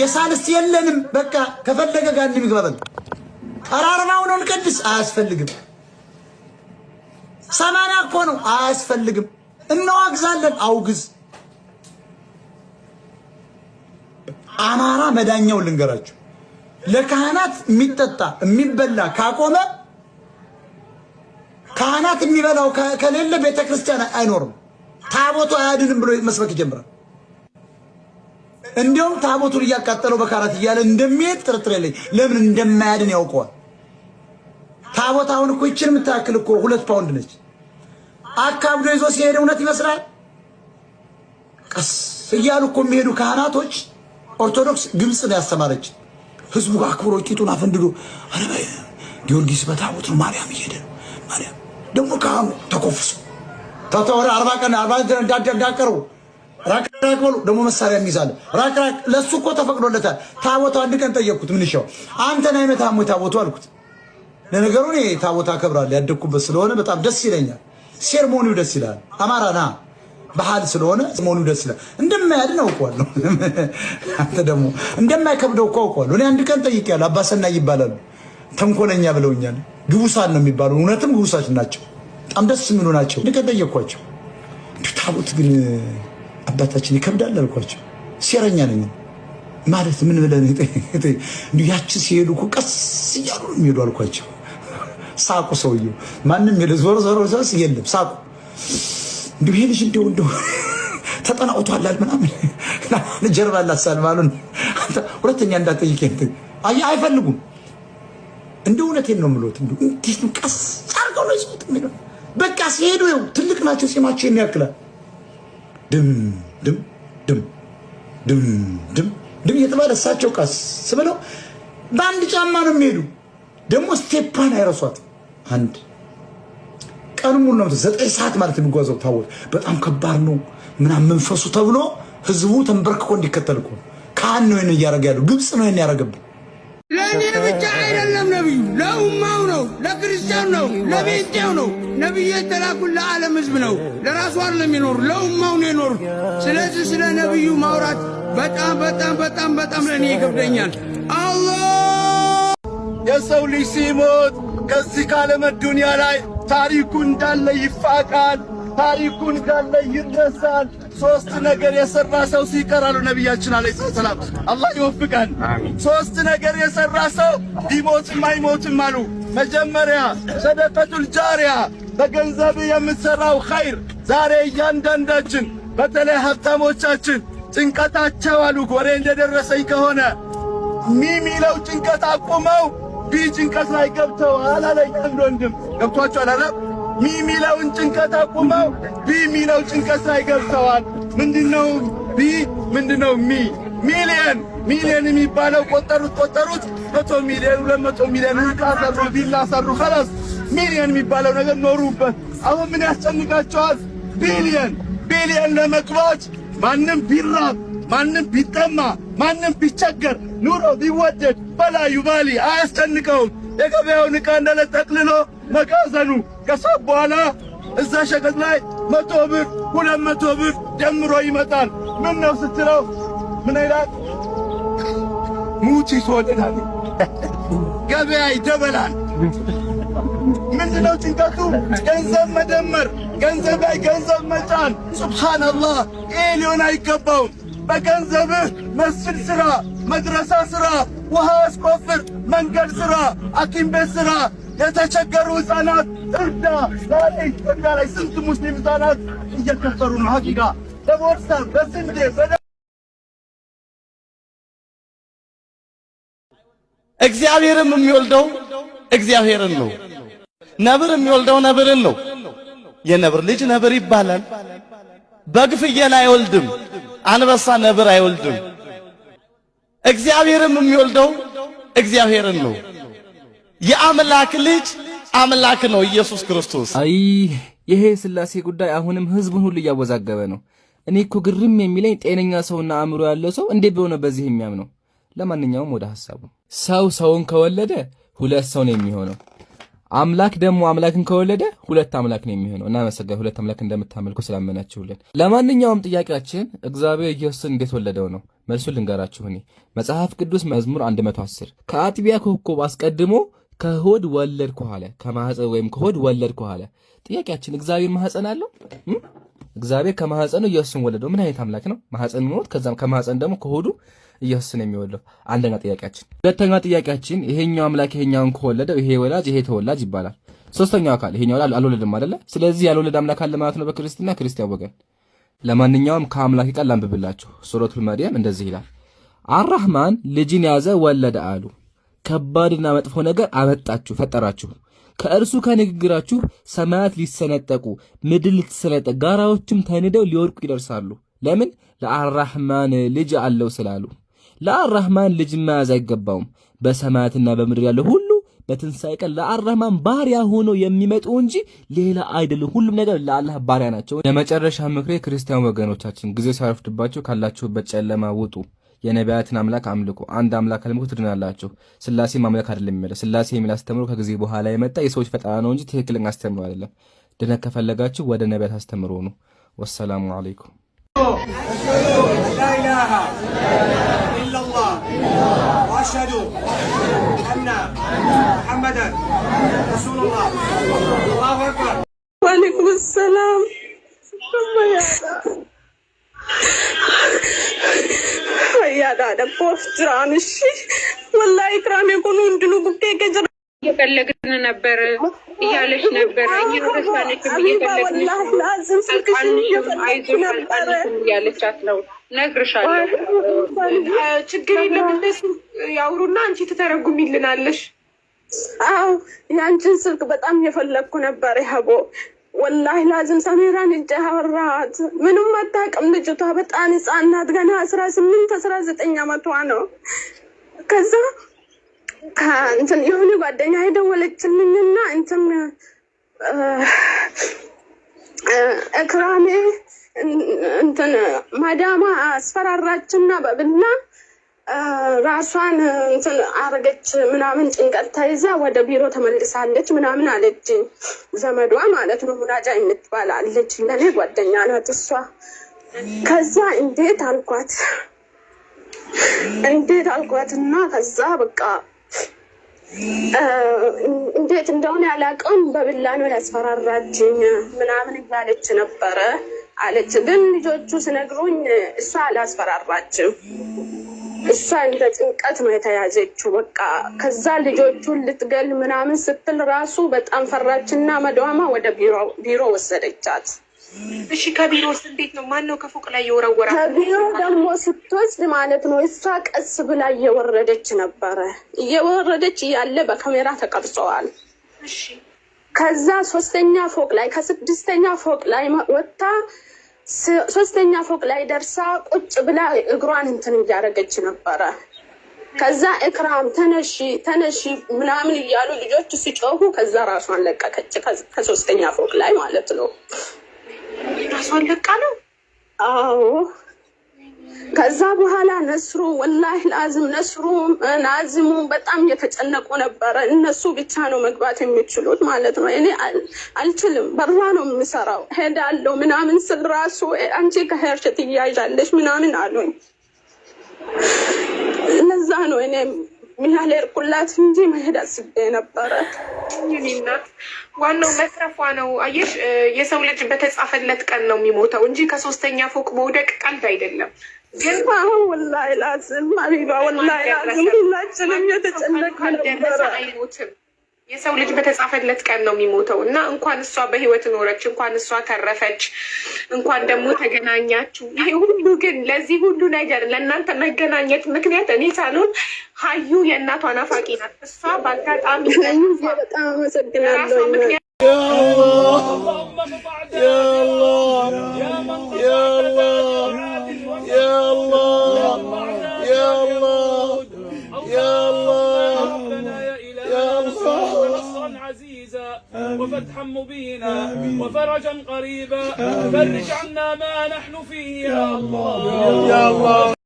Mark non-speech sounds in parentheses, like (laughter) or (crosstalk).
የሳልስ የለንም። በቃ ከፈለገ ጋር እንደሚግባበል ቀራርባው ነው። እንቀድስ አያስፈልግም። ሰማንያ እኮ ነው አያስፈልግም። እናዋግዛለን። አውግዝ አማራ መዳኛው ልንገራችሁ፣ ለካህናት የሚጠጣ የሚበላ ካቆመ ካህናት የሚበላው ከሌለ ቤተክርስቲያን አይኖርም፣ ታቦቱ አያድንም ብሎ መስበክ ይጀምራል። እንዲያውም ታቦቱን እያቃጠለው በካራት እያለ እንደሚሄድ ጥርጥር የለኝ። ለምን እንደማያድን ያውቀዋል። ታቦት አሁን እኮ ይችን የምታክል እኮ ሁለት ፓውንድ ነች። አካብዶ ይዞ ሲሄድ እውነት ይመስላል። ቀስ እያሉ እኮ የሚሄዱ ካህናቶች ኦርቶዶክስ ግብፅ ነው ያስተማረች። ህዝቡ አክብሮ ቂጡን አፈንድዶ ጊዮርጊስ በታቦት ነው ማርያም እየሄደ ማርያም ደግሞ ካህኑ ተኮፍሶ ተተወረ አርባ ቀን አርባ እንዳቀርቡ ራኮሉ ደግሞ መሳሪያ የሚይዛል ራክ ራክ ለሱ እኮ ተፈቅዶለታል። ታቦቱ አንድ ቀን ጠየቅኩት፣ ምን ይሻው አንተ አይመታም ወይ ታቦቱ አልኩት። ለነገሩ እኔ ታቦት አከብራለሁ ያደግኩበት ስለሆነ በጣም ደስ ይለኛል። ሴርሞኒው ደስ ይላል። አማራና ባህል ስለሆነ ሴርሞኒው ደስ ይላል። እንደማያድን አውቀዋለሁ። (laughs) አንተ ደግሞ እንደማይከብደው እኮ አውቀዋለሁ። እኔ አንድ ቀን ጠይቄያለሁ። አባሰና ይባላሉ፣ ተንኮለኛ ብለውኛል። ግቡሳን ነው የሚባሉ። እውነትም ግቡሳች ናቸው። በጣም ደስ የሚሉ ናቸው። አንድ ቀን ጠየቅኳቸው ታቦት ግን አባታችን ይከብዳል አልኳቸው። ሴረኛ ነኝ ማለት ምን ብለን እንዲ ያችን ሲሄዱ እኮ ቀስ እያሉ ነው የሚሄዱ አልኳቸው። ሳቁ። ሰውየው ማንም የለ ዞሮ ዞሮ ሰስ የለም ሳቁ። እንዲ ይሄ ልጅ እንዲሁ እንዲሁ ተጠናውቷላል ምናምን ጀርባ ላሳል ማሉ ሁለተኛ እንዳጠይቅ አየ አይፈልጉም። እንደ እውነቴን ነው የምሎት። እንዴት ነው ቀስ አርገው ነው የሚለው በቃ ሲሄዱ ይኸው ትልቅ ናቸው። ሲማቸው የሚያክላል ድም ድም ድም ድም ድም ድም እየተባለ እሳቸው ቀስ ብለው በአንድ ጫማ ነው የሚሄዱ። ደግሞ ስቴፓን አይረሷት። አንድ ቀኑ ሙሉ ነው ዘጠኝ ሰዓት ማለት የሚጓዘው ታወት በጣም ከባድ ነው ምናምን መንፈሱ ተብሎ ህዝቡ ተንበርክኮ እንዲከተል እኮ ካህን ነው እያደረገ ያለው ግብፅ ነው ያደረገብን ለእኔ ብቻ አይደለም ነቢዩ ለውማ ለዘር ነው፣ ለጴንጤው ነው። ነቢይ የተላኩት ለዓለም ሕዝብ ነው። ለራሱ አይደለም የኖሩ ለኡማው ነው የኖሩ። ስለዚህ ስለ ነቢዩ ማውራት በጣም በጣም በጣም በጣም ለእኔ ይከብደኛል። አላህ የሰው ልጅ ሲሞት ከዚህ ካለመ ዱንያ ላይ ታሪኩ እንዳለ ይፋቃል። ታሪኩ እንዳለ ይረሳል። ሶስት ነገር የሰራ ሰው ሲቀር አሉ ነቢያችን አለይሂ ሰላም፣ አላህ ይወፍቀን። ሶስት ነገር የሰራ ሰው ቢሞትም አይሞትም አሉ። መጀመሪያ ሰደቀቱል ጃሪያ በገንዘብ የምትሠራው ኸይር ዛሬ እያንዳንዳችን በተለይ ሀብታሞቻችን ጭንቀታቸው አሉ። ወሬ እንደደረሰኝ ከሆነ ሚሚለው ጭንቀት አቁመው ቢ ጭንቀት ላይ ገብተው አላለኝ አንድ ወንድም ገብቷቸዋል አለ ሚሚለውን ጭንቀት አቁመው ቢ ሚለው ጭንቀት ላይ ገብተዋል። ምንድነው ቢ ምንድነው ሚ ሚሊየን ሚሊዮን የሚባለው ቆጠሩት ቆጠሩት፣ መቶ ሚሊዮን፣ ሁለት መቶ ሚሊዮን ህንፃ ሰሩ፣ ቪላ ሰሩ። ከላስ ሚሊዮን የሚባለው ነገር ኖሩበት። አሁን ምን ያስጨንቃቸዋል? ቢሊዮን ቢሊዮን ለመግባት ማንም ቢራብ ማንም ቢጠማ ማንም ቢቸገር ኑሮ ቢወደድ በላዩ ባሊ አያስጨንቀውም። የገበያውን ዕቃ እንዳለ ጠቅልሎ መጋዘኑ ከሰብ በኋላ እዛ ሸቀጥ ላይ መቶ ብር ሁለት መቶ ብር ጀምሮ ይመጣል። ምን ነው ስትለው ምን ይላል? ሙት ይትወልዳል፣ ገበያ ይደበላል። ምንድነው ጭንቀቱ? ገንዘብ መደመር፣ ገንዘብ ላይ ገንዘብ መጫን። ሱብሓነላህ፣ ይሄ ሊሆን አይገባውም። በገንዘብህ መስጅድ ስራ መድረሳ ስራ ውሃ አስቆፍር፣ መንገድ ስራ፣ አኪም ቤት ስራ የተቸገሩ ህፃናት እርዳ። ዛሬ ኢትዮጵያ ላይ ስንት ሙስሊም ህፃናት እየከፈሩ ነው? ሐቂቃ ለቦርሳ በስንዴ እግዚአብሔርም የሚወልደው እግዚአብሔርን ነው። ነብር የሚወልደው ነብርን ነው። የነብር ልጅ ነብር ይባላል። በግ ፍየል አይወልድም። አንበሳ ነብር አይወልድም። እግዚአብሔርም የሚወልደው እግዚአብሔርን ነው። የአምላክ ልጅ አምላክ ነው ኢየሱስ ክርስቶስ። አይ ይሄ ስላሴ ጉዳይ አሁንም ህዝቡን ሁሉ እያወዛገበ ነው። እኔ እኮ ግርም የሚለኝ ጤነኛ ሰውና አእምሮ ያለው ሰው እንዴት በሆነ በዚህ የሚያምነው ለማንኛውም ወደ ሀሳቡ ሰው ሰውን ከወለደ ሁለት ሰው ነው የሚሆነው። አምላክ ደግሞ አምላክን ከወለደ ሁለት አምላክ ነው የሚሆነው። እናመሰግናለን ሁለት አምላክ እንደምታመልኩ ስላመናችሁልን። ለማንኛውም ጥያቄያችን እግዚአብሔር ኢየሱስን እንዴት ወለደው ነው። መልሱ ልንገራችሁ እኔ መጽሐፍ ቅዱስ መዝሙር 110 ከአጥቢያ ኮከብ አስቀድሞ ከሆድ ወለድ አለ። ከማህፀን ወይም ከሆድ ወለድ አለ። ጥያቄያችን እግዚአብሔር ማህፀን አለው? እግዚአብሔር ከማህፀኑ ኢየሱስን ወለደው። ምን አይነት አምላክ ነው? ማህፀን ኖት፣ ከዛም ከማህፀን ደግሞ ከሆዱ ኢየሱስ ነው የሚወለው። አንደኛ ጥያቄያችን። ሁለተኛ ጥያቄያችን ይሄኛው አምላክ ይሄኛውን ከወለደው ይሄ ወላጅ ይሄ ተወላጅ ይባላል። ሶስተኛው አካል ይሄኛው አልወለደም አይደለ? ስለዚህ ያልወለደ አምላክ አለ ማለት ነው በክርስትና ክርስቲያን ወገን። ለማንኛውም ከአምላክ ቃል ላንብብላችሁ። ሱረቱል መርየም እንደዚህ ይላል፣ አራህማን ልጅን ያዘ ወለደ አሉ። ከባድና መጥፎ ነገር አመጣችሁ ፈጠራችሁ ከእርሱ ከንግግራችሁ ሰማያት ሊሰነጠቁ ምድር ልትሰነጠቅ ጋራዎችም ተንደው ሊወድቁ ይደርሳሉ። ለምን? ለአራህማን ልጅ አለው ስላሉ ለአራህማን ልጅ መያዝ አይገባውም። በሰማያትና በምድር ያለ ሁሉ በትንሣኤ ቀን ለአራህማን ባሪያ ሆኖ የሚመጡ እንጂ ሌላ አይደለም። ሁሉም ነገር ለአላህ ባሪያ ናቸው። የመጨረሻ ምክሬ ክርስቲያን ወገኖቻችን ጊዜ ሳይረፍድባቸው ካላችሁበት ጨለማ ውጡ። የነቢያትን አምላክ አምልኩ። አንድ አምላክ አምልኩ ትድናላችሁ። ስላሴ ማምለክ አይደለም የሚለው ስላሴ የሚል አስተምሮ ከጊዜ በኋላ የመጣ የሰዎች ፈጠራ ነው እንጂ ትክክለኛ አስተምሮ አይደለም። ድነት ከፈለጋችሁ ወደ ነቢያት አስተምሮ ነው። ወሰላሙ አለይኩም واشهد ان محمدا رسول الله الله اكبر وعليكم السلام ያዳደ ኮፍትራን እሺ ወላሂ ኢክራም የኮኑ እንድኑ ቡኬ ከጀራ እየፈለግን ነበር እያለች ነበር። እየፈለግን አይዞሽ እያለቻት ነው። ነግርሻለሁ ችግር የለም እነሱ ያውሩና አንቺ ትተረጉሚልናለሽ። አው የአንቺን ስልክ በጣም የፈለግኩ ነበር ያቦ ወላሂ ላዝም ሰሜራን እጀ አወራት። ምንም አታውቅም ልጅቷ በጣም ህፃን ናት። ገና አስራ ስምንት አስራ ዘጠኝ አመቷ ነው። ከዛ ከእንትን የሆነ ጓደኛ የደወለችልኝና እንትን እክራሜ እንትን ማዳማ አስፈራራችና በብና ራሷን እንትን አረገች ምናምን ጭንቀት ተይዛ ወደ ቢሮ ተመልሳለች ምናምን አለች። ዘመዷ ማለት ነው ሙናጃ የምትባል አለች፣ ጓደኛ ናት እሷ። ከዛ እንዴት አልኳት እንዴት እና ከዛ በቃ እንዴት እንደሆነ ያላቀውም በብላ ነው ያስፈራራችኝ ምናምን እያለች ነበረ። አለች። ግን ልጆቹ ስነግሩኝ እሷ አላስፈራራችም። እሷ እንደ ጭንቀት ነው የተያዘችው። በቃ ከዛ ልጆቹን ልትገል ምናምን ስትል ራሱ በጣም ፈራችና መድዋማ ወደ ቢሮ ወሰደቻት። እሺ ከቢሮ እንዴት ነው? ማን ነው ከፎቅ ላይ የወረወራ? ከቢሮ ደግሞ ስትወስድ ማለት ነው እሷ ቀስ ብላ እየወረደች ነበረ። እየወረደች እያለ በካሜራ ተቀርጸዋል። ከዛ ሶስተኛ ፎቅ ላይ ከስድስተኛ ፎቅ ላይ ወጥታ ሶስተኛ ፎቅ ላይ ደርሳ ቁጭ ብላ እግሯን እንትን እያደረገች ነበረ። ከዛ እክራም ተነሺ ተነሺ ምናምን እያሉ ልጆች ሲጮሁ፣ ከዛ ራሷን ለቀቀች። ከሶስተኛ ፎቅ ላይ ማለት ነው። ራሷን ለቃ ነው። አዎ ከዛ በኋላ ነስሩ ወላሂ ላዝም ነስሩ ናዝሙ በጣም እየተጨነቁ ነበረ። እነሱ ብቻ ነው መግባት የሚችሉት ማለት ነው። እኔ አልችልም፣ በራ ነው የምሰራው ሄዳለሁ ምናምን ስል ራሱ አንቺ ከሄርሸት ትያዣለሽ ምናምን አሉኝ። እነዛ ነው እኔ ሚያል ርኩላት እንጂ መሄድ አስቤ ነበረ። እናት ዋናው መትረፏ ነው። አየሽ የሰው ልጅ በተጻፈለት ቀን ነው የሚሞተው እንጂ ከሶስተኛ ፎቅ መውደቅ ቀልድ አይደለም። ግን አሁን ወላሂ ላዝም አቢባ ወላሂ ላዝም ሁላችንም የተጨነቅ ነበረ። አይሞትም የሰው ልጅ በተጻፈለት ቀን ነው የሚሞተው እና እንኳን እሷ በህይወት ኖረች፣ እንኳን እሷ ተረፈች፣ እንኳን ደግሞ ተገናኛችሁ። ይሄ ሁሉ ግን ለዚህ ሁሉ ነገር ለእናንተ መገናኘት ምክንያት እኔ ሳልሆን ሀዩ የእናቷ ናፋቂ ናት። እሷ በአጋጣሚ ምክንያት وفتحا مبينا وفرجا قريبا فرج عنا ما نحن فيه يا الله يا الله